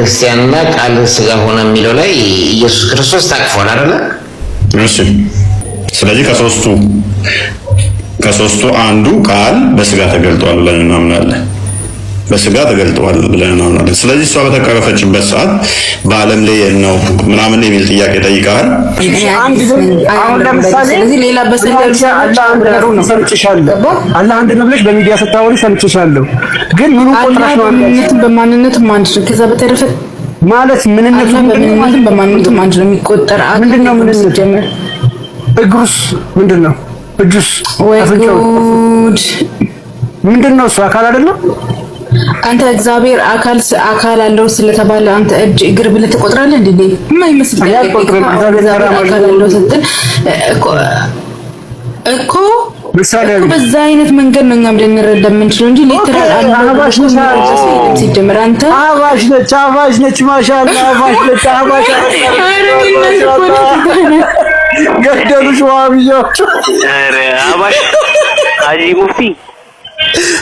ክርስቲያንና ቃል ስጋ ሆነ የሚለው ላይ ኢየሱስ ክርስቶስ ታቅፏል አይደለ? እሺ። ስለዚህ ከሶስቱ ከሶስቱ አንዱ ቃል በስጋ ተገልጧል ብለን እናምናለን። በስጋ ተገልጠዋል ብለን እናምናለን። ስለዚህ እሷ በተቀረፈችበት ሰዓት በዓለም ላይ ነው ምናምን የሚል ጥያቄ ጠይቀሃል። አላህ አንድ ነው ብለሽ በሚዲያ ስታወሪ ሰምቼሻለሁ። ግን ምኑ ቆጥራሽ ነው? በማንነትም አንድ ነው። ከዛ በተረፈ ማለት ምንነቱ ምንነቱም በማንነቱም አንድ ነው የሚቆጠር ምንድን ነው? ጀምር። እግሩስ ምንድን ነው? እጁስ ወይ ጉድ ምንድን ነው? እሱ አካል አይደለም አንተ እግዚአብሔር አካል አካል አለው ስለተባለ አንተ እጅ እግር ብለህ ትቆጥራለህ እንዴ? የማይመስል እኮ በዛ አይነት መንገድ ነው እኛም ልንረዳ የምንችለው እንጂ ሊትራል ሲጀምር አንተ አባሽ ነች፣ አባሽ ነች፣ ማሻአላ አባሽ ነች፣ አባሽ ገደሉሽ ዋብዮ አባሽ አጂ ሙፍቲ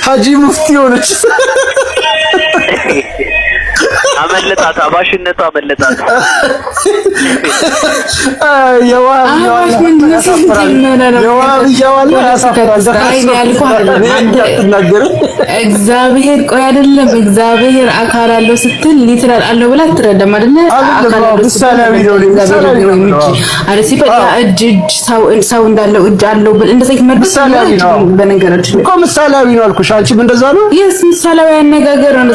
Hacı Muftioğlu. አመለጣት፣ አባሽነቱ አመለጣት። እግዚአብሔር ቆይ አይደለም እግዚአብሔር አካል አለው ስትል ሊትራል አለው ብላ አትረዳም አይደለ? እጅ እጅ ሰው እንዳለው እጅ አለው ብለ እንደዚህ መልስ በነገራችን እኮ ምሳሌያዊ ነው አልኩሽ። አንቺም እንደዛ ነው። ምሳሌያዊ አነጋገር ነው።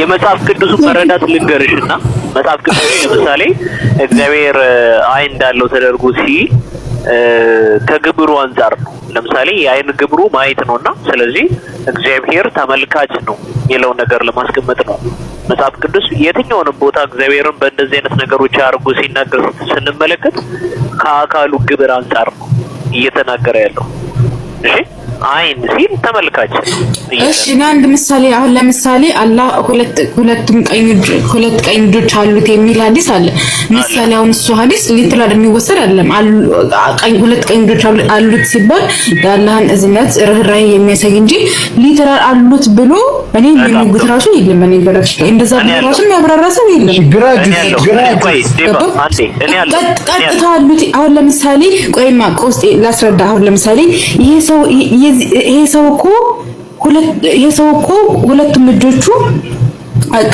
የመጽሐፍ ቅዱሱ መረዳት ልንገርሽ እና መጽሐፍ ቅዱስ ለምሳሌ እግዚአብሔር አይን እንዳለው ተደርጎ ሲል ከግብሩ አንጻር ነው። ለምሳሌ የአይን ግብሩ ማየት ነው እና ስለዚህ እግዚአብሔር ተመልካች ነው የሚለው ነገር ለማስቀመጥ ነው። መጽሐፍ ቅዱስ የትኛውንም ቦታ እግዚአብሔርን በእንደዚህ አይነት ነገሮች አድርጎ ሲናገር ስንመለከት ከአካሉ ግብር አንጻር ነው እየተናገረ ያለው። እሺ አይን ሲል ተመልካች። እሺ እኔ አንድ ምሳሌ አሁን ለምሳሌ አላህ ሁለት ሁለቱም ቀኝ ሁለት ቀኝ እጆች አሉት የሚል አለ። ምሳሌ አሁን እሱ ሊትራል የሚወሰድ አይደለም። ሁለት ቀኝ እጆች አሉት ሲባል የአላህን እዝነት ርህራሄ የሚያሳይ እንጂ ሊትራል አሉት ብሎ እኔ ራሱ የለም። እኔ እንደዛ ብሎ ራሱ የሚያብራራ ሰው የለም። ቀጥታ አሉት አሁን ለምሳሌ ቆይማ ቆስጤ ላስረዳ። አሁን ለምሳሌ ይሄ ሰው ይሄ ሰው እኮ ይሄ ሰው እኮ ሁለቱም እጆቹ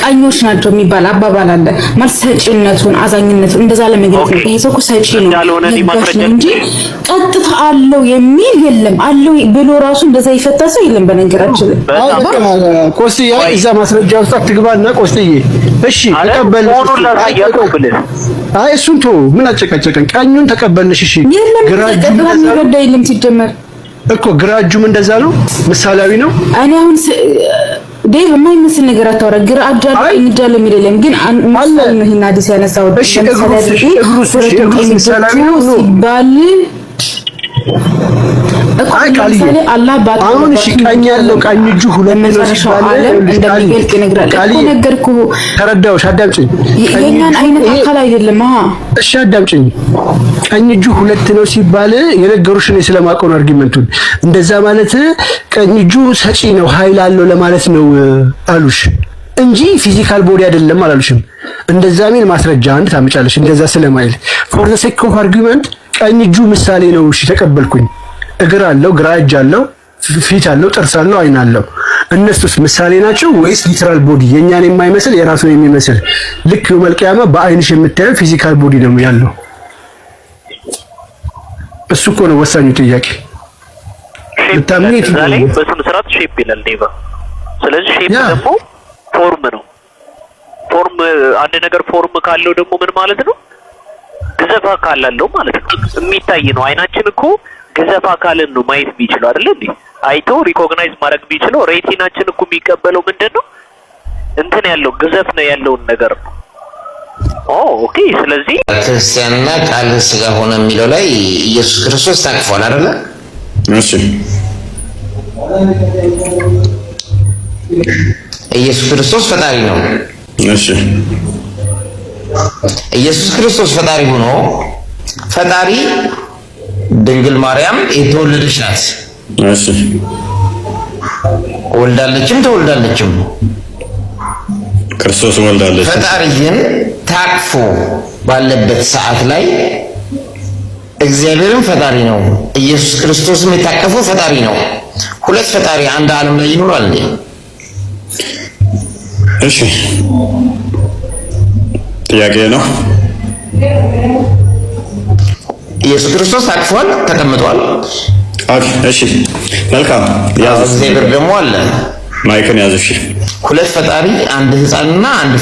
ቀኞች ናቸው የሚባል አባባል አለ። ማለት ሰጪነቱን፣ አዛኝነቱን እንደዛ ለመግለጽ ነው። ይሄ ሰው እኮ ሰጪ ነው ነው እንጂ ቀጥታ አለው የሚል የለም። አለው ብሎ ራሱ እንደዛ ይፈታ ሰው የለም። በነገራችን ቆስዬ፣ እዛ ማስረጃ ውስጥ አትግባና ቆስዬ። እሺ ተቀበል። አይ እሱን ተወው። ምን አጨቃጨቀን? ቀኙን ተቀበልንሽ። እሺ ግራ ምን የሚረዳ የለም ሲጀመር እኮ ግራ እጁም እንደዛ ነው። ምሳሌያዊ ነው። እኔ አሁን ዴቭ የማይመስል ነገር አታወራ። ግራ እጃለ እንዳለ የሚደለም ግን ነው ይሄን አዲስ ያነሳው እሺ፣ ሲባል ለምሳሌ አላህ አሁን እሺ፣ ቀኝ ያለው ቀኝ እጁ ሁለት ነው ሲባል እንደሚገልጥ ይነግራል እኮ ነገርኩህ። ተረዳሁሽ። አዳምጪኝ። የእኛን አይነት አካል አይደለም። እሺ፣ አዳምጪኝ ቀኝ እጁ ሁለት ነው ሲባል የነገሩሽ እኔ ስለማውቀው ነው አርጊመንቱን። እንደዛ ማለት ቀኝ እጁ ሰጪ ነው ኃይል አለው ለማለት ነው አሉሽ እንጂ ፊዚካል ቦዲ አይደለም አላሉሽም። እንደዛ ሚል ማስረጃ አንድ ታመጫለሽ። እንደዛ ስለማይል ፎር ዘ ሴክ ኦፍ አርጊመንት ቀኝ እጁ ምሳሌ ነው። እሺ ተቀበልኩኝ። እግር አለው፣ ግራ እጅ አለው፣ ፊት አለው፣ ጥርስ አለው፣ አይን አለው። እነሱስ ምሳሌ ናቸው ወይስ ሊትራል ቦዲ? የእኛን የማይመስል የራሱን የሚመስል ልክ መልቀያማ በአይንሽ የምታየው ፊዚካል ቦዲ ነው ያለው። እሱ እኮ ነው ወሳኙ ጥያቄ። ልታምኚ ትላለህ። በስነ ስርዓት ሼፕ ይላል ዴቫ። ስለዚህ ሼፕ ደግሞ ፎርም ነው። ፎርም አንድ ነገር ፎርም ካለው ደግሞ ምን ማለት ነው? ግዘፍ አካል አለው ማለት ነው። የሚታይ ነው። አይናችን እኮ ግዘፍ አካልን ነው ማየት የሚችለው አይደል እንዴ? አይቶ ሪኮግናይዝ ማድረግ የሚችለው ሬቲናችን እኮ የሚቀበለው ምንድን ነው? እንትን ያለው ግዘፍ ነው ያለውን ነገር ነው ኦኬ። ስለዚህ ክርስቲያንና ቃል ስጋ ሆነ የሚለው ላይ ኢየሱስ ክርስቶስ ታቅፏል አይደለ? እሺ ኢየሱስ ክርስቶስ ፈጣሪ ነው። እሺ ኢየሱስ ክርስቶስ ፈጣሪ ሆኖ ፈጣሪ ድንግል ማርያም የተወለደች ናት። እሺ ወልዳለችም ተወልዳለችም ክርስቶስ ወልዳለች። ፈጣሪ ግን ታቅፎ ባለበት ሰዓት ላይ እግዚአብሔርም ፈጣሪ ነው፣ ኢየሱስ ክርስቶስም የታቀፈው ፈጣሪ ነው። ሁለት ፈጣሪ አንድ ዓለም ላይ ይኖራል እንዴ? እሺ፣ ጥያቄ ነው። ኢየሱስ ክርስቶስ ታቅፏል፣ ተቀምጧል። እሺ፣ መልካም። ያዝ። እግዚአብሔር ደግሞ አለ። ማይክን ያዝ። እሺ፣ ሁለት ፈጣሪ አንድ ሕፃንና አንድ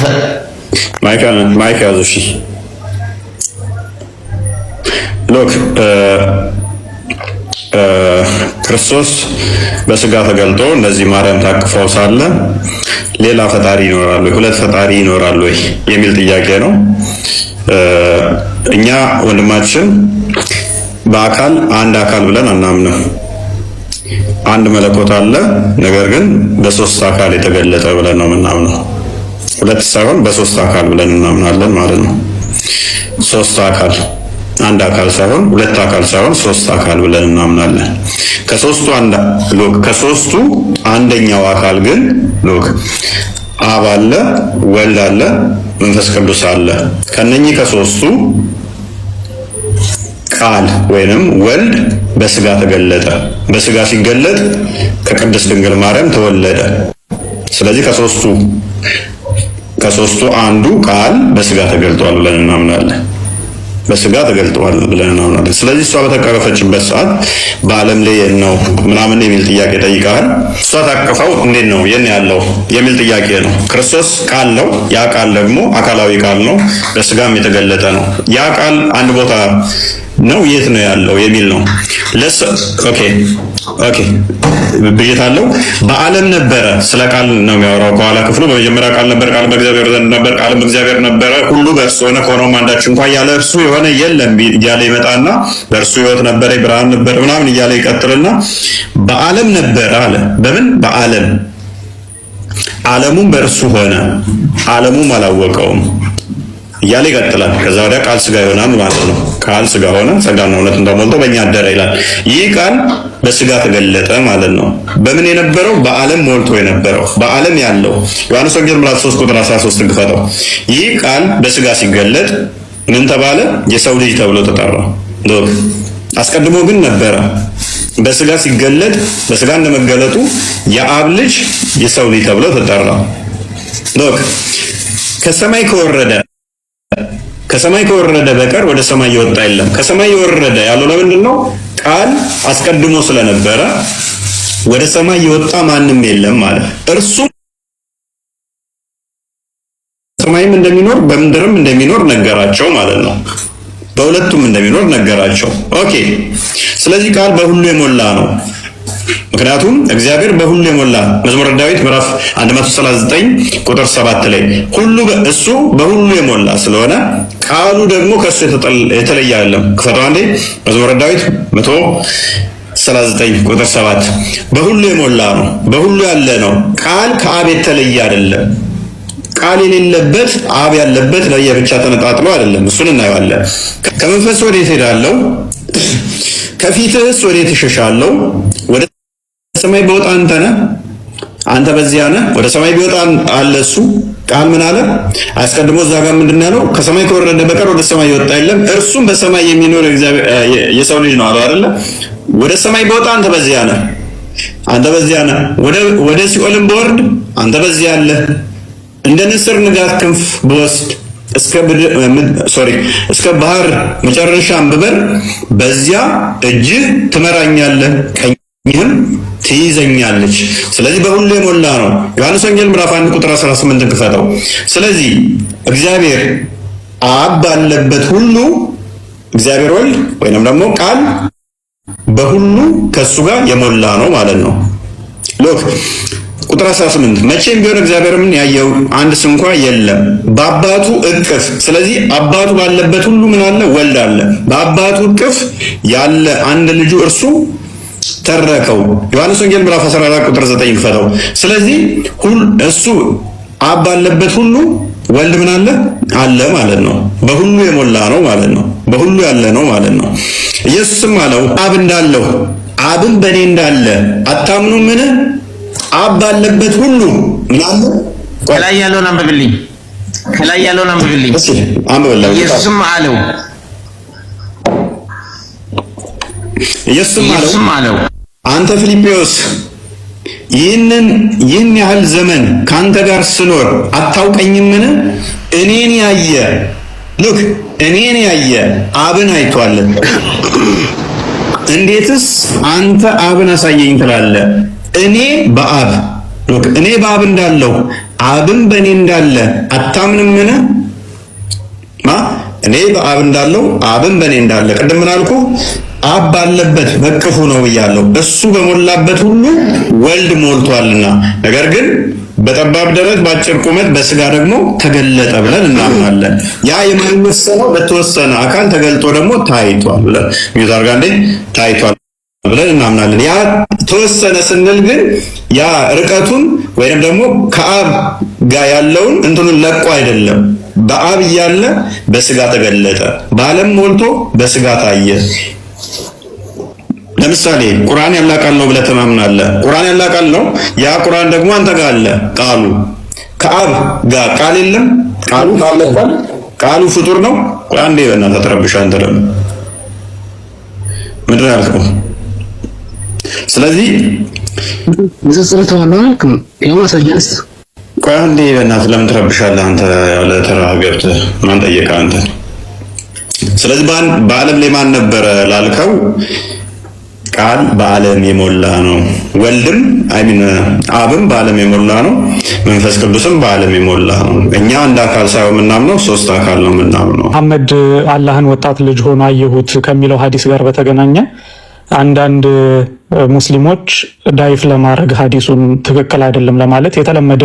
ማይክ ያዙ። እሺ ሎክ ክርስቶስ በስጋ ተገልጦ እነዚህ ማርያም ታቅፈው ሳለ ሌላ ፈጣሪ ይኖራል ሁለት ፈጣሪ ይኖራል ወይ የሚል ጥያቄ ነው። እኛ ወንድማችን በአካል አንድ አካል ብለን አናምንም። አንድ መለኮት አለ፣ ነገር ግን በሶስት አካል የተገለጠ ብለን ነው የምናምነው። ሁለት ሳይሆን በሶስት አካል ብለን እናምናለን ማለት ነው። ሶስት አካል አንድ አካል ሳይሆን ሁለት አካል ሳይሆን ሶስት አካል ብለን እናምናለን። ከሶስቱ አንድ ሎክ ከሶስቱ አንደኛው አካል ግን ሎክ አብ አለ፣ ወልድ አለ፣ መንፈስ ቅዱስ አለ። ከነኚህ ከሶስቱ ቃል ወይንም ወልድ በስጋ ተገለጠ። በስጋ ሲገለጥ ከቅድስት ድንግል ማርያም ተወለደ። ስለዚህ ከሶስቱ ከሶስቱ አንዱ ቃል በስጋ ተገልጧል ብለን እናምናለን። በስጋ ተገልጧል ብለን እናምናለን። ስለዚህ እሷ በተቀረፈችበት ሰዓት በዓለም ላይ ነው ምናምን የሚል ጥያቄ ጠይቀሃል። እሷ ታቀፈው እንዴት ነው የት ነው ያለው የሚል ጥያቄ ነው። ክርስቶስ ቃል ነው። ያ ቃል ደግሞ አካላዊ ቃል ነው፣ በስጋም የተገለጠ ነው። ያ ቃል አንድ ቦታ ነው የት ነው ያለው የሚል ነው። ኦኬ ኦኬ ብይት አለው። በዓለም ነበረ። ስለ ቃል ነው የሚያወራው ከኋላ ክፍሉ። በመጀመሪያ ቃል ነበር፣ ቃል በእግዚአብሔር ዘንድ ነበር፣ ቃል በእግዚአብሔር ነበረ። ሁሉ በእርሱ ሆነ፣ ከሆነውም አንዳች እንኳን ያለ እርሱ የሆነ የለም እያለ ይመጣና በእርሱ ህይወት ነበረ፣ ብርሃን ነበረ ምናምን እያለ ይቀጥልና በዓለም ነበረ አለ። በምን በዓለም ዓለሙም በእርሱ ሆነ፣ ዓለሙም አላወቀውም እያለ ይቀጥላል። ከዛ ወዲያ ቃል ስጋ ይሆናል ማለት ነው። ቃል ስጋ ሆነ ጸጋና እውነትን ተሞልቶ በእኛ አደረ ይላል። ይህ ቃል በስጋ ተገለጠ ማለት ነው። በምን የነበረው በዓለም ሞልቶ የነበረው በዓለም ያለው ዮሐንስ ወንጌል ምዕራፍ 3 ቁጥር 13 ግፈጠው። ይህ ቃል በስጋ ሲገለጥ ምን ተባለ? የሰው ልጅ ተብሎ ተጠራ። አስቀድሞ ግን ነበረ። በስጋ ሲገለጥ በስጋ እንደመገለጡ የአብ ልጅ የሰው ልጅ ተብሎ ተጠራ። ከሰማይ ከወረደ ከሰማይ ከወረደ በቀር ወደ ሰማይ የወጣ የለም። ከሰማይ የወረደ ያለው ለምንድን ነው? ቃል አስቀድሞ ስለነበረ ወደ ሰማይ የወጣ ማንም የለም ማለት እርሱ ሰማይም እንደሚኖር በምድርም እንደሚኖር ነገራቸው ማለት ነው። በሁለቱም እንደሚኖር ነገራቸው። ኦኬ። ስለዚህ ቃል በሁሉ የሞላ ነው። ምክንያቱም እግዚአብሔር በሁሉ የሞላ መዝሙረ ዳዊት ምዕራፍ 139 ቁጥር 7 ላይ ሁሉ እሱ በሁሉ የሞላ ስለሆነ ቃሉ ደግሞ ከሱ የተለየ አይደለም። ክፈተው አንዴ መዝሙረ ዳዊት 139 ቁጥር 7 በሁሉ የሞላ ነው፣ በሁሉ ያለ ነው። ቃል ከአብ የተለየ አይደለም። ቃል የሌለበት አብ ያለበት ለየብቻ ተነጣጥሎ አይደለም። እሱን እናየዋለን። ከመንፈስ ወዴት ሄዳለው ከፊትህስ ወዴት እሸሻለሁ? ሰማይ በወጣ አንተ ነህ፣ አንተ በዚያ ነህ። ወደ ሰማይ ቢወጣ አለ እሱ ቃል ምን አለ? አስቀድሞ እዛ ጋር ምንድን ያለው? ከሰማይ ከወረደ በቀር ወደ ሰማይ የወጣ የለም፣ እርሱም በሰማይ የሚኖር የሰው ልጅ ነው አለ አይደለ? ወደ ሰማይ ቢወጣ አንተ በዚያ ነህ፣ አንተ በዚያ ነህ። ወደ ሲኦልም በወርድ አንተ በዚያ አለ። እንደ ንስር ንጋት ክንፍ ብወስድ እስከ ባህር መጨረሻ ብበር በዚያ እጅህ ትመራኛለህ፣ ቀኝህም ትይዘኛለች። ስለዚህ በሁሉ የሞላ ነው። ዮሐንስ ወንጌል ምዕራፍ 1 ቁጥር 18 እንክፈተው። ስለዚህ እግዚአብሔር አብ ባለበት ሁሉ እግዚአብሔር ወልድ ወይንም ደግሞ ቃል በሁሉ ከሱ ጋር የሞላ ነው ማለት ነው። ሎክ ቁጥር 18 መቼም ቢሆን እግዚአብሔርን ያየው አንድ ስንኳ የለም በአባቱ እቅፍ። ስለዚህ አባቱ ባለበት ሁሉ ምን አለ? ወልድ አለ። በአባቱ እቅፍ ያለ አንድ ልጁ እርሱ ተረከው። ዮሐንስ ወንጌል ምዕራፍ 14 ቁጥር 9 ፈተው። ስለዚህ ሁሉ እሱ አብ ባለበት ሁሉ ወልድ ምን አለ አለ ማለት ነው። በሁሉ የሞላ ነው ማለት ነው። በሁሉ ያለ ነው ማለት ነው። ኢየሱስም አለው አብ እንዳለው አብን በእኔ እንዳለ አታምኑ? ምን አብ ባለበት ሁሉ አለ? ከላይ ያለውን አንብብልኝ፣ ከላይ ያለውን አንብብልኝ። ኢየሱስም አለው ኢየሱስም አለው አንተ ፊልጶስ ይህንን ይህን ያህል ዘመን ከአንተ ጋር ስኖር አታውቀኝምን? እኔን ያየ ልክ እኔን ያየ አብን አይቷለን። እንዴትስ አንተ አብን አሳየኝ ትላለህ? እኔ በአብ ልክ እኔ በአብ እንዳለሁ አብን በእኔ እንዳለ አታምንምን? ማ እኔ በአብ እንዳለሁ አብን በእኔ እንዳለ ቅድም ምን አብ ባለበት በቅፉ ነው ብያለሁ። እሱ በሞላበት ሁሉ ወልድ ሞልቷልና፣ ነገር ግን በጠባብ ደረት በአጭር ቁመት በስጋ ደግሞ ተገለጠ ብለን እናምናለን። ያ የማይወሰነው በተወሰነ አካል ተገልጦ ደግሞ ታይቷል ብለን ሚዛር ጋር እንዴ ታይቷል ብለን እናምናለን። ያ ተወሰነ ስንል ግን ያ ርቀቱን ወይንም ደግሞ ከአብ ጋር ያለውን እንትኑን ለቆ አይደለም። በአብ እያለ በስጋ ተገለጠ፣ በዓለም ሞልቶ በስጋ ታየ። ለምሳሌ ቁርአን ያላቃል ነው ብለህ ተማምናለህ። ቁርአን ያላቃል ነው። ያ ቁርአን ደግሞ አንተ ጋር አለ። ቃሉ ከአብ ጋር ቃል የለም። ቃሉ ካለኳል ቃሉ ፍጡር ነው። አንዴ በእናትህ አትረብሽ። አንተ ደግሞ ምንድን ያልከው? ስለዚህ ንጽጽር ተዋለ አልክም። ያው ማሳጀስ ቆይ አንዴ በእናትህ ለምን ትረብሻለህ አንተ? ያለ ተራ ገብተህ ማን ጠየቀህ አንተ? ስለዚህ በዓለም ላይ ማን ነበረ ላልከው ቃል በዓለም የሞላ ነው። ወልድም አይሚን አብም በዓለም የሞላ ነው። መንፈስ ቅዱስም በዓለም የሞላ ነው። እኛ አንድ አካል ሳይሆን የምናምነው ሶስት አካል ነው የምናምነው። መሐመድ አላህን ወጣት ልጅ ሆኖ አየሁት ከሚለው ሀዲስ ጋር በተገናኘ አንዳንድ ሙስሊሞች ዳይፍ ለማድረግ ሀዲሱን ትክክል አይደለም ለማለት የተለመደ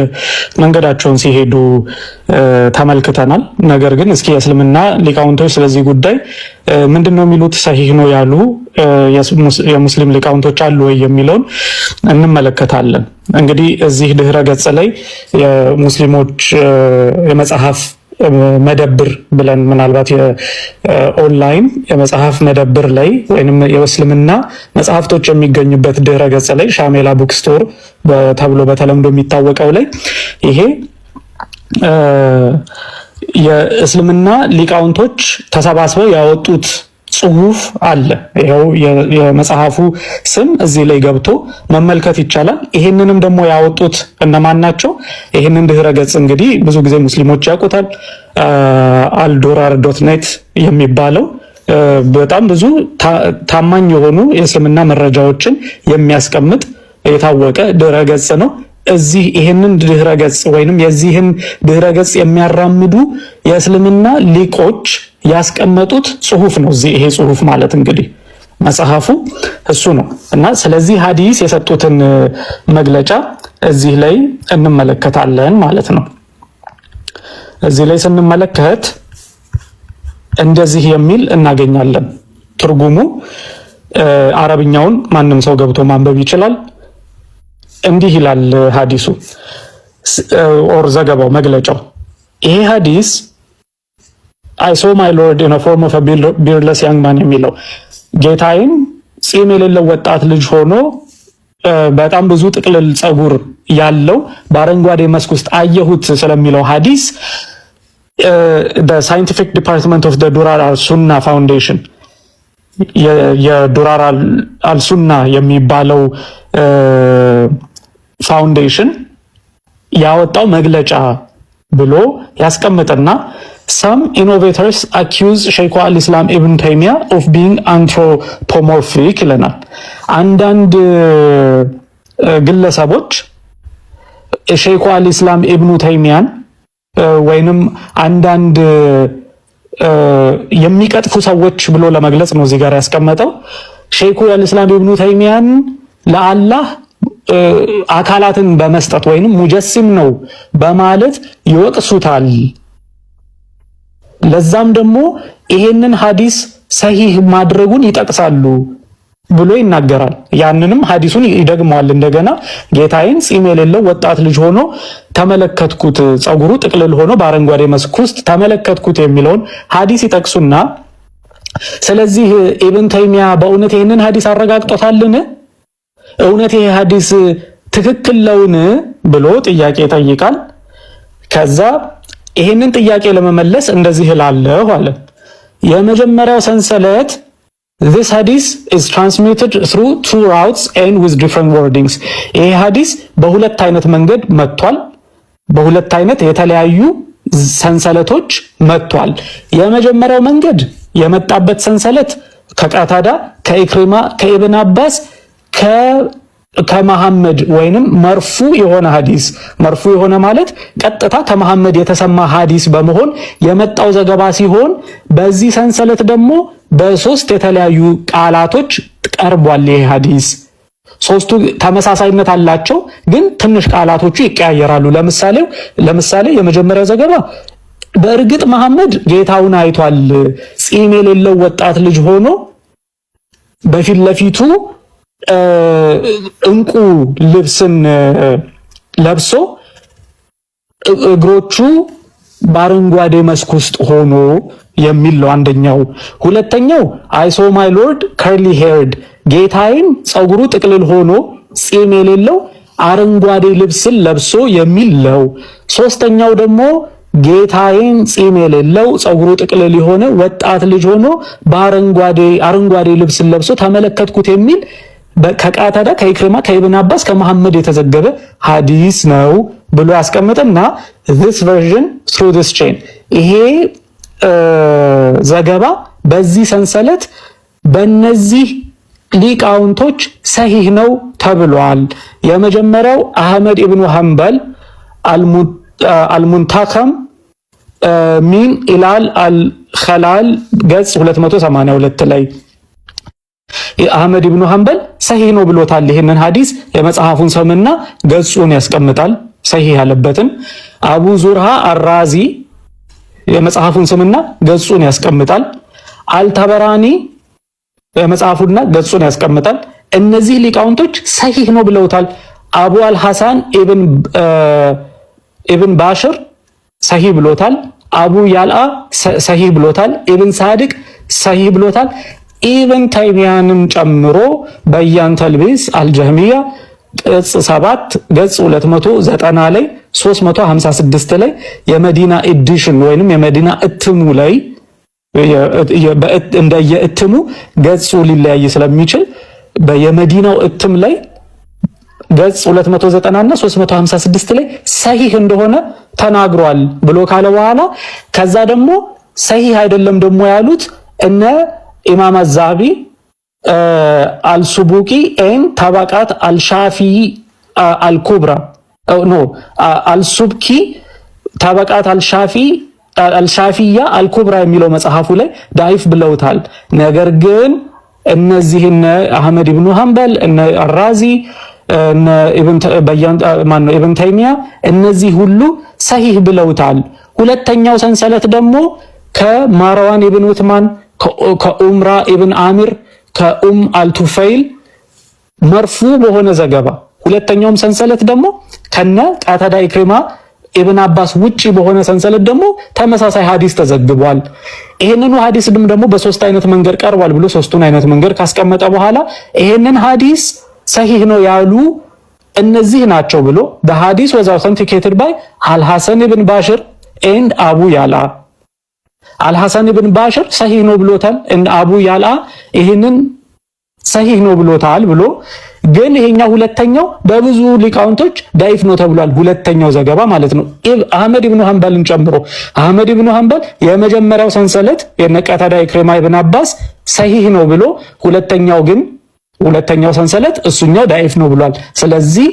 መንገዳቸውን ሲሄዱ ተመልክተናል። ነገር ግን እስኪ የእስልምና ሊቃውንቶች ስለዚህ ጉዳይ ምንድን ነው የሚሉት፣ ሰሂህ ነው ያሉ የሙስሊም ሊቃውንቶች አሉ ወይ የሚለውን እንመለከታለን። እንግዲህ እዚህ ድህረ ገጽ ላይ የሙስሊሞች የመጽሐፍ መደብር ብለን ምናልባት ኦንላይን የመጽሐፍ መደብር ላይ ወይም የእስልምና መጽሐፍቶች የሚገኙበት ድረ ገጽ ላይ ሻሜላ ቡክ ስቶር ተብሎ በተለምዶ የሚታወቀው ላይ ይሄ የእስልምና ሊቃውንቶች ተሰባስበው ያወጡት ጽሁፍ አለ። ይኸው የመጽሐፉ ስም እዚህ ላይ ገብቶ መመልከት ይቻላል። ይሄንንም ደግሞ ያወጡት እነማን ናቸው? ይሄንን ድህረ ገጽ እንግዲህ ብዙ ጊዜ ሙስሊሞች ያውቁታል። አልዶራር ዶት ኔት የሚባለው በጣም ብዙ ታማኝ የሆኑ የእስልምና መረጃዎችን የሚያስቀምጥ የታወቀ ድህረ ገጽ ነው። እዚህ ይህንን ድህረ ገጽ ወይንም የዚህን ድህረ ገጽ የሚያራምዱ የእስልምና ሊቆች ያስቀመጡት ጽሁፍ ነው። እዚህ ይሄ ጽሁፍ ማለት እንግዲህ መጽሐፉ እሱ ነው እና ስለዚህ ሀዲስ የሰጡትን መግለጫ እዚህ ላይ እንመለከታለን ማለት ነው። እዚህ ላይ ስንመለከት እንደዚህ የሚል እናገኛለን። ትርጉሙ አረብኛውን ማንም ሰው ገብቶ ማንበብ ይችላል። እንዲህ ይላል ሀዲሱ ኦር ዘገባው መግለጫው ይሄ ሀዲስ አይ ሶ ማይ ሎርድ ኢን ፎርም ኦፍ ቢርለስ ያንግ ማን የሚለው ጌታዬን ጺም የሌለው ወጣት ልጅ ሆኖ በጣም ብዙ ጥቅልል ጸጉር ያለው በአረንጓዴ መስክ ውስጥ አየሁት ስለሚለው ሀዲስ ሳይንቲፊክ ዲፓርትመንት ኦፍ ዱራር አልሱና ፋውንዴሽን የዱራር አልሱና የሚባለው ፋውንዴሽን ያወጣው መግለጫ ብሎ ያስቀምጥና ሳም ኢኖቬተርስ አኪዩዝ ሸይኮ አልኢስላም ኢብን ተይሚያ ኦፍ ቢንግ አንትሮፖሞርፊክ ይለናል። አንዳንድ uh, ግለሰቦች ሸይኮ አልኢስላም ኢብኑ ተይሚያን ወይንም አንዳንድ uh, የሚቀጥፉ ሰዎች ብሎ ለመግለጽ ነው እዚህ ጋር ያስቀመጠው። ሸይኮ አልኢስላም ኢብኑ ተይሚያን ለአላህ uh, አካላትን በመስጠት ወይንም ሙጀሲም ነው በማለት ይወቅሱታል። ለዛም ደግሞ ይሄንን ሀዲስ ሰሂህ ማድረጉን ይጠቅሳሉ ብሎ ይናገራል። ያንንም ሀዲሱን ይደግመዋል እንደገና። ጌታዬን ፂም የሌለው ወጣት ልጅ ሆኖ ተመለከትኩት፣ ፀጉሩ ጥቅልል ሆኖ በአረንጓዴ መስክ ውስጥ ተመለከትኩት የሚለውን ሀዲስ ይጠቅሱና ስለዚህ ኢብን ተይሚያ በእውነት ይህንን ሀዲስ አረጋግጦታልን? እውነት ይሄ ሀዲስ ትክክል ለውን ብሎ ጥያቄ ይጠይቃል። ከዛ ይሄንን ጥያቄ ለመመለስ እንደዚህ እላለሁ አለ። የመጀመሪያው ሰንሰለት this hadith is transmitted through two routes and with different wordings ይሄ ሀዲስ በሁለት አይነት መንገድ መጥቷል። በሁለት አይነት የተለያዩ ሰንሰለቶች መጥቷል። የመጀመሪያው መንገድ የመጣበት ሰንሰለት ከቃታዳ ከኢክሪማ ከኢብን አባስ ከመሐመድ ወይንም መርፉ የሆነ ሐዲስ መርፉ የሆነ ማለት ቀጥታ ከመሐመድ የተሰማ ሐዲስ በመሆን የመጣው ዘገባ ሲሆን በዚህ ሰንሰለት ደግሞ በሶስት የተለያዩ ቃላቶች ቀርቧል። ይሄ ሐዲስ ሶስቱ ተመሳሳይነት አላቸው፣ ግን ትንሽ ቃላቶቹ ይቀያየራሉ። ለምሳሌ ለምሳሌ የመጀመሪያው ዘገባ በእርግጥ መሐመድ ጌታውን አይቷል፣ ጺም የሌለው ወጣት ልጅ ሆኖ በፊት ለፊቱ እንቁ ልብስን ለብሶ እግሮቹ በአረንጓዴ መስክ ውስጥ ሆኖ የሚል ነው አንደኛው። ሁለተኛው ሶ ማይ ሎርድ ከርሊ ሄርድ ጌታዬም ፀጉሩ ጥቅልል ሆኖ ፂም የሌለው አረንጓዴ ልብስን ለብሶ የሚል ነው። ሶስተኛው ደግሞ ጌታዬን ፂም የሌለው ፀጉሩ ጥቅልል የሆነ ወጣት ልጅ ሆኖ በአረንጓዴ አረንጓዴ ልብስን ለብሶ ተመለከትኩት የሚል ከቃታዳ ከኢክሪማ ከኢብን አባስ ከመሐመድ የተዘገበ ሐዲስ ነው ብሎ ያስቀምጥና this version through this chain ይሄ ዘገባ በዚህ ሰንሰለት በእነዚህ ሊቃውንቶች ሰሂህ ነው ተብሏል። የመጀመሪያው አህመድ ኢብኑ ሐንበል አልሙንታከም ሚን ኢላል አልኸላል ገጽ 282 ላይ አህመድ ኢብኑ ሐንበል ሰሂህ ነው ብሎታል። ይህንን ሐዲስ የመጽሐፉን ስምና ገጹን ያስቀምጣል። ሰሂህ ያለበትን አቡ ዙርሃ አራዚ የመጽሐፉን ስምና ገጹን ያስቀምጣል። አልታበራኒ የመጽሐፉና ገጹን ያስቀምጣል። እነዚህ ሊቃውንቶች ሰሂህ ነው ብለውታል። አቡ አልሐሳን ኢብን ባሽር ሰሂህ ብሎታል። አቡ ያልአ ሰሂህ ብሎታል። ኢብን ሳድቅ ሰሂህ ብሎታል። ኢብን ተይሚያንም ጨምሮ በያን ተልቢስ አልጀህሚያ ቅጽ 7 ገጽ 290 ላይ 356 ላይ የመዲና ኤዲሽን ወይንም የመዲና እትሙ ላይ እንደየእትሙ ገጹ ሊለያይ ስለሚችል የመዲናው እትም ላይ ገጽ 290 እና 356 ላይ ሰሂህ እንደሆነ ተናግሯል ብሎ ካለ በኋላ ከዛ ደግሞ ሰሂህ አይደለም ደግሞ ያሉት እነ ኢማም አዛቢ አልሱቡቂ ኤን ታባቃት አልሻፊ አልኩብራ ኖ አልሱብኪ ታበቃት አልሻፊ አልሻፊያ አልኩብራ የሚለው መጽሐፉ ላይ ዳይፍ ብለውታል። ነገር ግን እነዚህ እነ አህመድ ኢብኑ ሐንበል እነ አራዚ እነ ኢብን ተይሚያ እነዚህ ሁሉ ሰሂህ ብለውታል። ሁለተኛው ሰንሰለት ደግሞ ከማርዋን ኢብን ዑትማን ከኡምራ ኢብን አሚር ከኡም አልቱፈይል መርፉ በሆነ ዘገባ ሁለተኛውም ሰንሰለት ደግሞ ከነ ቃታዳ ኢክሪማ ኢብን አባስ ውጪ በሆነ ሰንሰለት ደግሞ ተመሳሳይ ሀዲስ ተዘግቧል። ይሄንኑ ሀዲስ ድም ደግሞ በሶስት አይነት መንገድ ቀርቧል ብሎ ሶስቱን አይነት መንገድ ካስቀመጠ በኋላ ይሄንን ሀዲስ ሰሂህ ነው ያሉ እነዚህ ናቸው ብሎ በሀዲስ hadith was ባይ አልሐሰን ኢብን ባሽር ኤንድ አቡ ያላ አልሐሰን ብን ባሽር ሰሂህ ነው ብሎታል። አቡ ያልአ ይህንን ሰሂህ ነው ብሎታል ብሎ ግን ይሄኛው ሁለተኛው በብዙ ሊቃውንቶች ዳይፍ ነው ተብሏል። ሁለተኛው ዘገባ ማለት ነው አህመድ ብኑ ሐንበልን ጨምሮ አህመድ ኢብኑ ሐንበል የመጀመሪያው ሰንሰለት የነቀታዳ ኢክሪማ ብን አባስ ሰሂህ ነው ብሎ ሁለተኛው ግን ሁለተኛው ሰንሰለት እሱኛው ዳይፍ ነው ብሏል። ስለዚህ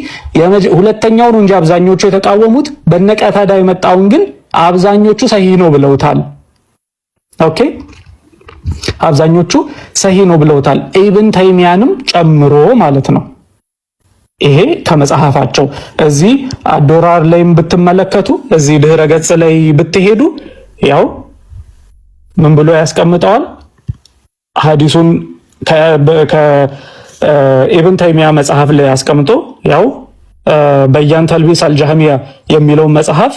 ሁለተኛውን እንጂ አብዛኞቹ የተቃወሙት በነቀታዳ የመጣውን ግን አብዛኞቹ ሰሂህ ነው ብለውታል። ኦኬ አብዛኞቹ ሰሂ ነው ብለውታል። ኢብን ተይሚያንም ጨምሮ ማለት ነው። ይሄ ከመጽሐፋቸው እዚህ አዶራር ላይም ብትመለከቱ እዚህ ድህረ ገጽ ላይ ብትሄዱ ያው ምን ብሎ ያስቀምጠዋል ሐዲሱን ኢብን ተይሚያ መጽሐፍ ላይ አስቀምጦ ያው በያን ተልቢስ አልጃህሚያ የሚለውን መጽሐፍ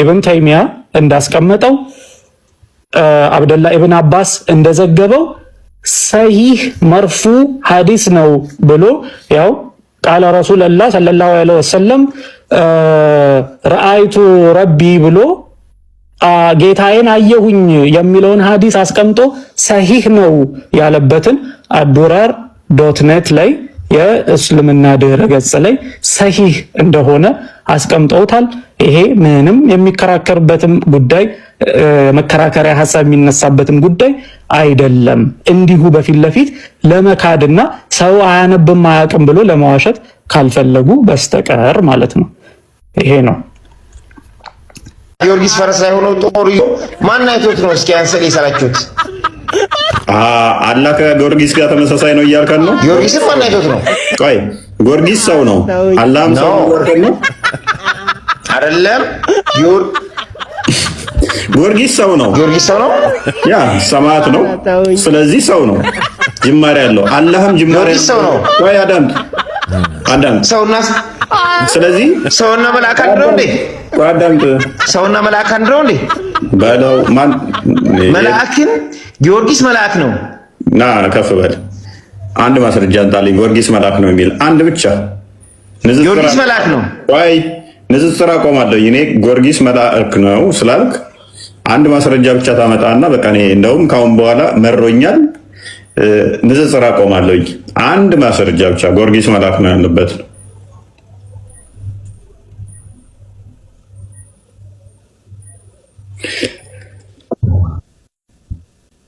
ኢብን ተይሚያ እንዳስቀመጠው አብደላ ኢብን አባስ እንደዘገበው ሰሂህ መርፉ ሐዲስ ነው ብሎ ያው ቃለ ረሱልላህ ሰለላሁ ዐለይሂ ወሰለም ረአይቱ ረቢ ብሎ ጌታዬን አየሁኝ የሚለውን ሐዲስ አስቀምጦ ሰሂህ ነው ያለበትን አዱራር ዶት ኔት ላይ የእስልምና ድህረ ገጽ ላይ ሰሂህ እንደሆነ አስቀምጠውታል። ይሄ ምንም የሚከራከርበትም ጉዳይ መከራከሪያ ሀሳብ የሚነሳበትም ጉዳይ አይደለም። እንዲሁ በፊት ለፊት ለመካድና ሰው አያነብም አያውቅም ብሎ ለመዋሸት ካልፈለጉ በስተቀር ማለት ነው። ይሄ ነው ጊዮርጊስ ፈረሳ የሆነው ጦር ይዞ ማን አይቶት ነው? እስኪ አንሰል የሰራችሁት አላ ከጊዮርጊስ ጋር ተመሳሳይ ነው እያልከን ነው። ጊዮርጊስ ማን አይቶት ነው? ቆይ ጊዮርጊስ ሰው ነው፣ አላም ሰው ነው አይደለም ጊዮርጊስ ሰው ነው። ጊዮርጊስ ሰው ነው። ያ ሰማዕት ነው። ስለዚህ ሰው ነው። ጅማሬ ያለው አላህም ጅማሬ ሰው ነው። ወይ አዳም አዳም ሰውና ስለዚህ ሰውና መልአክ አንድ ነው እንዴ? አዳም ሰውና መልአክ አንድ ነው እንዴ? በለው ማን መልአክን ጊዮርጊስ መልአክ ነው። ና ከፍ በል አንድ ማስረጃ እንጣለኝ። ጊዮርጊስ መልአክ ነው የሚል አንድ ብቻ ጊዮርጊስ መልአክ ነው ወይ ንጽጽር አቆማለሁ። እኔ ጊዮርጊስ መልአክ ነው ስላልክ አንድ ማስረጃ ብቻ ታመጣና በቃ እኔ እንደውም ካሁን በኋላ መሮኛል፣ ንጽጽር አቆማለሁኝ። አንድ ማስረጃ ብቻ ጎርጊስ መላክ ነው ያለበት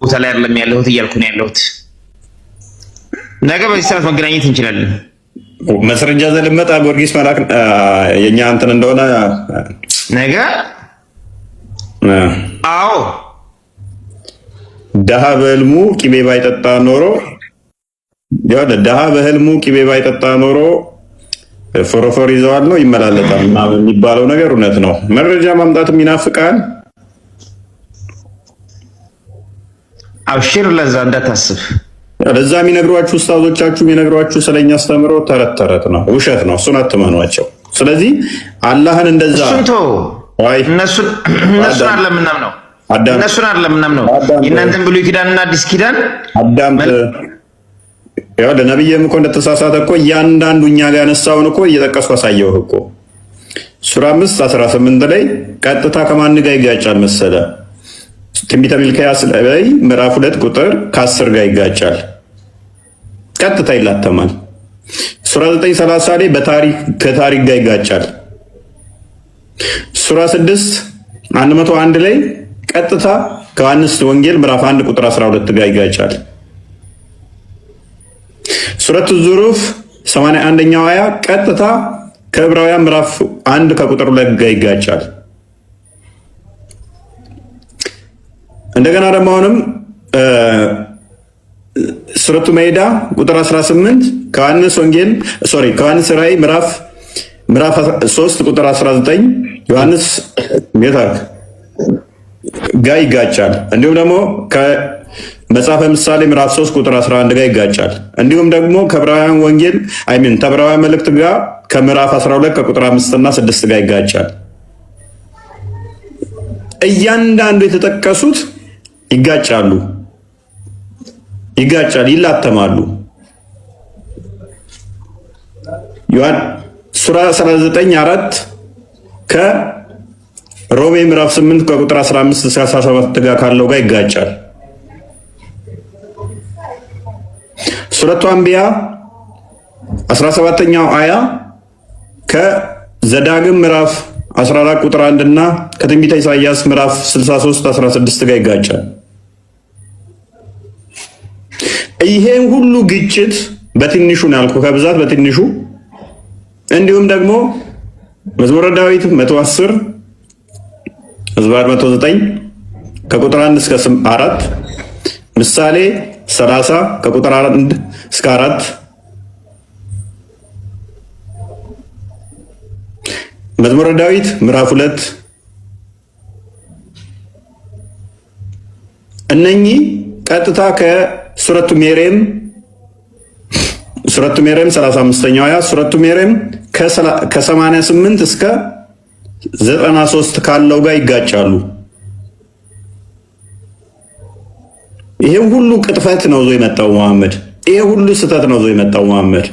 ቦታ ላይ አይደለም ያለሁት እያልኩ ነው ያለሁት። ነገ በዚህ ሰዓት መገናኘት እንችላለን። ማስረጃ ዘለመጣ ጎርጊስ መላክ የእኛ እንትን እንደሆነ ነገ አዎ ደሃ በህልሙ ቂቤ ባይጠጣ ኖሮ የሆነ ደሃ በህልሙ ቂቤ ባይጠጣ ኖሮ ፎረፎር ይዘዋል ነው ይመላለጣል ምናምን የሚባለው ነገር እውነት ነው። መረጃ ማምጣት ይናፍቃል። አብሽር፣ ለዛ እንዳታስብ። ለዛ የሚነግሯችሁ ኡስታዞቻችሁ የሚነግሯችሁ ስለኛ አስተምሮ ተረት ተረት ነው፣ ውሸት ነው። እሱን አትመኗቸው። ስለዚህ አላህን እንደዛ እነሱን አይደለም የምናምነው እነሱን አይደለም የምናምነው የእናንተን ብሉይ ኪዳንና አዲስ ኪዳን አዳምጥ። ይኸውልህ ነብይም እኮ እንደተሳሳተ እኮ እያንዳንዱ እኛ ጋር ያነሳውን እኮ እየጠቀሱ አሳየው እኮ ሱራ 5 18 ላይ ቀጥታ ከማን ጋር ይጋጫል መሰለ? ትንቢተ ሚልክያስ ላይ ምዕራፍ 2 ቁጥር ከ10 ጋር ይጋጫል። ቀጥታ ይላተማል። ሱራ 9 30 ላይ በታሪክ ከታሪክ ጋር ይጋጫል። ሱራ 6 101 ላይ ቀጥታ ከዮሐንስ ወንጌል ምዕራፍ 1 ቁጥር 12 ጋር ይጋጫል። ሱረቱ ዙሩፍ 81ኛው አያ ቀጥታ ከዕብራውያን ምዕራፍ 1 ከቁጥር 2 ጋር ይጋጫል። እንደገና ደግሞ አሁንም ሱረቱ መይዳ ቁጥር 18 ከዮሐንስ ወንጌል ሶሪ ከዮሐንስ ራእይ ምዕራፍ 3 ቁጥር 19 ዮሐንስ ሜታክ ጋር ይጋጫል። እንዲሁም ደግሞ ከመጽሐፈ ምሳሌ ምዕራፍ 3 ቁጥር 11 ጋር ይጋጫል። እንዲሁም ደግሞ ከዕብራውያን ወንጌል አይሚን ከዕብራውያን መልእክት ጋር ከምዕራፍ 12 ከቁጥር 5 እና 6 ጋር ይጋጫል። እያንዳንዱ የተጠቀሱት ይጋጫሉ፣ ይጋጫል፣ ይላተማሉ። ሱራ 39 4 ከሮሜ ምዕራፍ 8 ከቁጥር 15 እስከ 17 ጋር ካለው ጋር ይጋጫል። ሱረቱ አንቢያ 17ኛው አያ ከዘዳግም ምዕራፍ 14 ቁጥር 1 እና ከትንቢተ ኢሳይያስ ምዕራፍ 63 16 ጋር ይጋጫል። ይሄን ሁሉ ግጭት በትንሹ ነው ያልኩ፣ ከብዛት በትንሹ እንዲሁም ደግሞ መዝሙረ ዳዊት 110 ዝባር 109 ከቁጥር 1 እስከ 4 ምሳሌ 30 ከቁጥር 1 እስከ 4 መዝሙረ ዳዊት ምዕራፍ 2 እነኚህ ቀጥታ ከሱረቱ ሜሬም ሱረቱ መርየም 35ኛው ያ ሱረቱ መርየም ከ88 እስከ 93 ካለው ጋር ይጋጫሉ። ይሄ ሁሉ ቅጥፈት ነው ዞ የመጣው መሐመድ። ይሄ ሁሉ ስህተት ነው ዞ የመጣው መሐመድ።